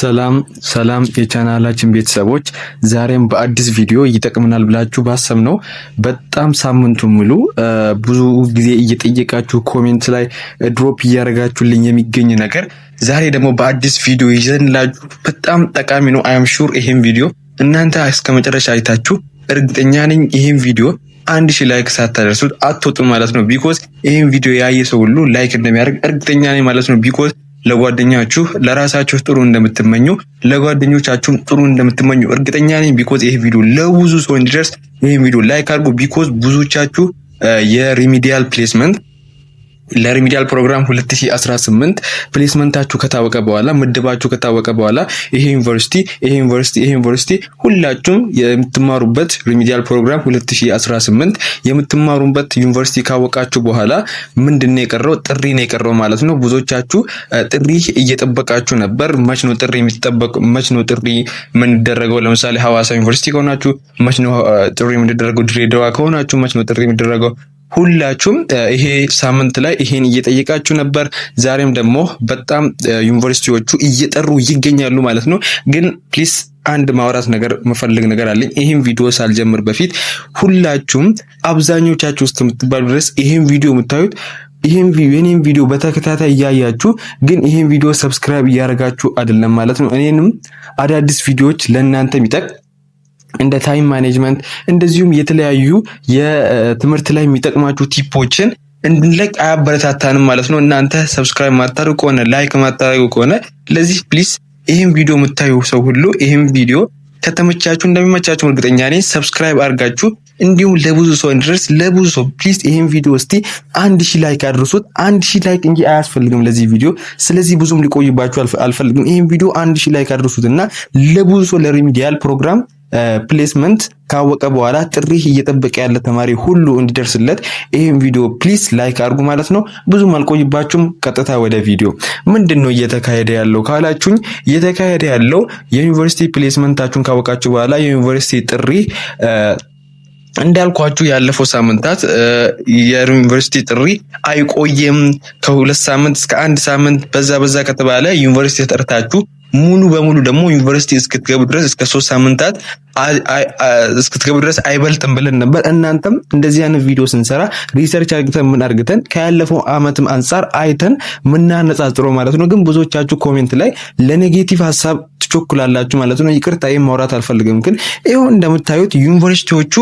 ሰላም ሰላም የቻናላችን ቤተሰቦች፣ ዛሬም በአዲስ ቪዲዮ ይጠቅምናል ብላችሁ ባሰብ ነው በጣም ሳምንቱን ሙሉ ብዙ ጊዜ እየጠየቃችሁ ኮሜንት ላይ ድሮፕ እያደረጋችሁልኝ የሚገኝ ነገር ዛሬ ደግሞ በአዲስ ቪዲዮ ይዘንላችሁ በጣም ጠቃሚ ነው። አይም ሹር ይሄን ቪዲዮ እናንተ እስከ መጨረሻ አይታችሁ እርግጠኛ ነኝ ይሄን ቪዲዮ አንድ ሺህ ላይክ ሳታደርሱት አትወጡም ማለት ነው። ቢኮዝ ይህን ቪዲዮ ያየ ሰው ሁሉ ላይክ እንደሚያደርግ እርግጠኛ ነኝ ማለት ነው ቢኮዝ ለጓደኛችሁ ለራሳችሁ ጥሩ እንደምትመኙ ለጓደኞቻችሁም ጥሩ እንደምትመኙ እርግጠኛ ነኝ። ቢኮዝ ይሄ ቪዲዮ ለብዙ ሰው እንዲደርስ ይህን ቪዲዮ ላይክ አድርጉ። ቢኮዝ ብዙዎቻችሁ የሪሚዲያል ፕሌስመንት ለሪሚዲያል ፕሮግራም 2018 ፕሌስመንታችሁ ከታወቀ በኋላ ምድባችሁ ከታወቀ በኋላ ይሄ ዩኒቨርሲቲ ይሄ ዩኒቨርሲቲ ይሄ ዩኒቨርሲቲ ሁላችሁም የምትማሩበት ሪሚዲያል ፕሮግራም 2018 የምትማሩበት ዩኒቨርሲቲ ካወቃችሁ በኋላ ምንድን ነው የቀረው? ጥሪ ነው የቀረው ማለት ነው። ብዙዎቻችሁ ጥሪ እየጠበቃችሁ ነበር። መች ነው ጥሪ የሚጠበቅ? መች ነው ጥሪ የምንደረገው? ለምሳሌ ሀዋሳ ዩኒቨርሲቲ ከሆናችሁ መች ነው ጥሪ የምንደረገው? ድሬዳዋ ከሆናችሁ መች ነው ጥሪ የሚደረገው? ሁላችሁም ይሄ ሳምንት ላይ ይሄን እየጠየቃችሁ ነበር። ዛሬም ደግሞ በጣም ዩኒቨርሲቲዎቹ እየጠሩ ይገኛሉ ማለት ነው። ግን ፕሊስ አንድ ማውራት ነገር መፈልግ ነገር አለኝ። ይህም ቪዲዮ ሳልጀምር በፊት ሁላችሁም አብዛኞቻችሁ ውስጥ የምትባሉ ድረስ ይህም ቪዲዮ የምታዩት የኔም ቪዲዮ በተከታታይ እያያችሁ ግን ይህም ቪዲዮ ሰብስክራይብ እያደረጋችሁ አይደለም ማለት ነው። እኔንም አዳዲስ ቪዲዮዎች ለእናንተ የሚጠቅ እንደ ታይም ማኔጅመንት እንደዚሁም የተለያዩ የትምህርት ላይ የሚጠቅማችሁ ቲፖችን እንድንለቅ አያበረታታንም ማለት ነው። እናንተ ሰብስክራይብ ማታደርጉ ከሆነ ላይክ ማታደርጉ ከሆነ ለዚህ ፕሊስ ይህም ቪዲዮ የምታዩ ሰው ሁሉ ይህም ቪዲዮ ከተመቻችሁ እንደሚመቻችሁ እርግጠኛ ነኝ። ሰብስክራይብ አድርጋችሁ እንዲሁም ለብዙ ሰው እንድደርስ ለብዙ ሰው ፕሊስ ይህም ቪዲዮ እስቲ አንድ ሺህ ላይክ አድርሱት። አንድ ሺህ ላይክ እንጂ አያስፈልግም ለዚህ ቪዲዮ። ስለዚህ ብዙም ሊቆይባችሁ አልፈልግም። ይህም ቪዲዮ አንድ ሺህ ላይክ አድርሱት እና ለብዙ ሰው ለሪሚዲያል ፕሮግራም ፕሌስመንት ካወቀ በኋላ ጥሪ እየጠበቀ ያለ ተማሪ ሁሉ እንዲደርስለት ይህም ቪዲዮ ፕሊስ ላይክ አድርጉ ማለት ነው። ብዙም አልቆይባችሁም። ቀጥታ ወደ ቪዲዮ። ምንድን ነው እየተካሄደ ያለው ካላችሁኝ፣ እየተካሄደ ያለው የዩኒቨርሲቲ ፕሌስመንታችሁን ካወቃችሁ በኋላ የዩኒቨርሲቲ ጥሪ እንዳልኳችሁ ያለፈው ሳምንታት የዩኒቨርሲቲ ጥሪ አይቆየም። ከሁለት ሳምንት እስከ አንድ ሳምንት በዛ በዛ ከተባለ ዩኒቨርሲቲ ጠርታችሁ ሙሉ በሙሉ ደግሞ ዩኒቨርሲቲ እስክትገቡ ድረስ እስከ ሶስት ሳምንታት እስክትገቡ ድረስ አይበልጥም ብለን ነበር። እናንተም እንደዚህ አይነት ቪዲዮ ስንሰራ ሪሰርች አርግተን ምን አርግተን ከያለፈው አመትም አንጻር አይተን ምናነጻጽሮ ማለት ነው። ግን ብዙዎቻችሁ ኮሜንት ላይ ለኔጌቲቭ ሀሳብ ትቾክላላችሁ ማለት ነው። ይቅርታ ይህም ማውራት አልፈልግም። ግን ይሁን እንደምታዩት ዩኒቨርሲቲዎቹ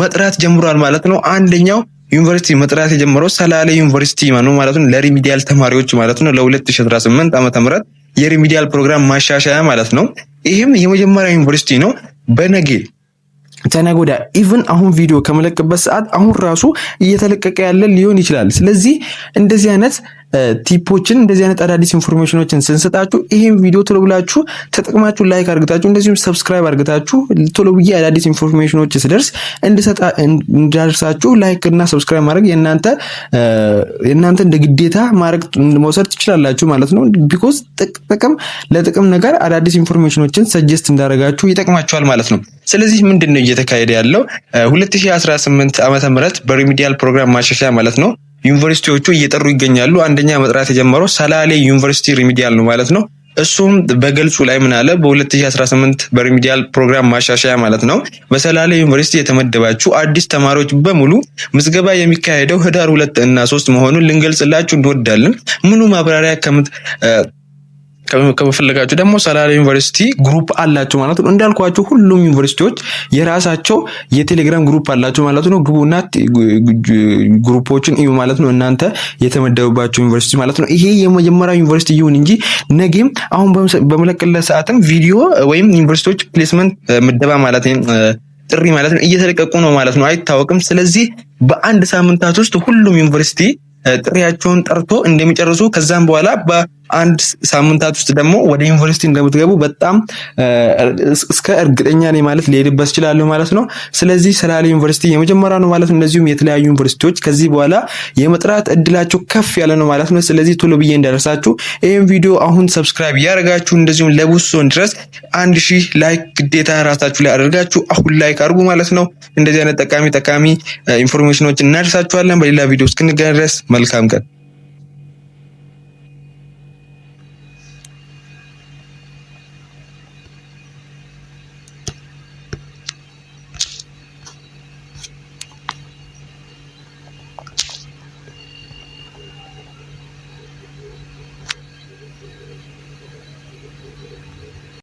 መጥራት ጀምሯል ማለት ነው። አንደኛው ዩኒቨርሲቲ መጥራት የጀመረው ሰላሌ ዩኒቨርሲቲ ነው ማለት ነው። ለሪሚዲያል ተማሪዎች ማለት ነው ለ2018 ዓ ምህረት የሪሚዲያል ፕሮግራም ማሻሻያ ማለት ነው። ይህም የመጀመሪያ ዩኒቨርሲቲ ነው። በነጌ ተነጎዳ ኢቭን አሁን ቪዲዮ ከመለቅበት ሰዓት አሁን ራሱ እየተለቀቀ ያለ ሊሆን ይችላል። ስለዚህ እንደዚህ አይነት ቲፖችን እንደዚህ አይነት አዳዲስ ኢንፎርሜሽኖችን ስንሰጣችሁ ይህም ቪዲዮ ቶሎ ብላችሁ ተጠቅማችሁ ላይክ አርግታችሁ እንደዚሁም ሰብስክራይብ አርግታችሁ ቶሎ ብዬ አዳዲስ ኢንፎርሜሽኖች ስደርስ እንዳደርሳችሁ ላይክ እና ሰብስክራይብ ማድረግ የእናንተ የእናንተ እንደ ግዴታ ማድረግ መውሰድ ትችላላችሁ ማለት ነው። ቢኮዝ ጥቅም ለጥቅም ነገር አዳዲስ ኢንፎርሜሽኖችን ሰጀስት እንዳደረጋችሁ ይጠቅማችኋል ማለት ነው። ስለዚህ ምንድን ነው እየተካሄደ ያለው 2018 ዓ ም በሪሚዲያል ፕሮግራም ማሻሻያ ማለት ነው ዩኒቨርሲቲዎቹ እየጠሩ ይገኛሉ። አንደኛ መጥራት የጀመረው ሰላሌ ዩኒቨርሲቲ ሪሚዲያል ነው ማለት ነው። እሱም በገልጹ ላይ ምን አለ? በ2018 በሪሚዲያል ፕሮግራም ማሻሻያ ማለት ነው በሰላሌ ዩኒቨርሲቲ የተመደባችሁ አዲስ ተማሪዎች በሙሉ ምዝገባ የሚካሄደው ህዳር ሁለት እና ሶስት መሆኑን ልንገልጽላችሁ እንወዳለን። ምኑ ማብራሪያ ከምት ከመፈለጋችሁ ደግሞ ሰላሌ ዩኒቨርሲቲ ግሩፕ አላቸው ማለት ነው። እንዳልኳቸው ሁሉም ዩኒቨርሲቲዎች የራሳቸው የቴሌግራም ግሩፕ አላቸው ማለት ነው። ግቡና ግሩፖችን እዩ ማለት ነው። እናንተ የተመደቡባቸው ዩኒቨርሲቲ ማለት ነው። ይሄ የመጀመሪያ ዩኒቨርሲቲ ይሁን እንጂ ነገም አሁን በመለቀለ ሰዓትም ቪዲዮ ወይም ዩኒቨርሲቲዎች ፕሌስመንት ምደባ ማለት ጥሪ ማለት ነው እየተለቀቁ ነው ማለት ነው። አይታወቅም። ስለዚህ በአንድ ሳምንታት ውስጥ ሁሉም ዩኒቨርሲቲ ጥሪያቸውን ጠርቶ እንደሚጨርሱ ከዛም በኋላ አንድ ሳምንታት ውስጥ ደግሞ ወደ ዩኒቨርሲቲ እንደምትገቡ በጣም እስከ እርግጠኛ ነኝ ማለት ሊሄድበት ይችላሉ ማለት ነው። ስለዚህ ሰላሌ ዩኒቨርሲቲ የመጀመሪያ ነው ማለት ነው። እንደዚሁም የተለያዩ ዩኒቨርሲቲዎች ከዚህ በኋላ የመጥራት እድላቸው ከፍ ያለ ነው ማለት ነው። ስለዚህ ቶሎ ብዬ እንዳደርሳችሁ ይህም ቪዲዮ አሁን ሰብስክራይብ ያደርጋችሁ እንደዚሁም ለቡሶን ድረስ አንድ ሺህ ላይክ ግዴታ ራሳችሁ ላይ አድርጋችሁ አሁን ላይክ አድርጉ ማለት ነው። እንደዚህ አይነት ጠቃሚ ጠቃሚ ኢንፎርሜሽኖች እናደርሳችኋለን። በሌላ ቪዲዮ እስክንገናኝ ድረስ መልካም ቀን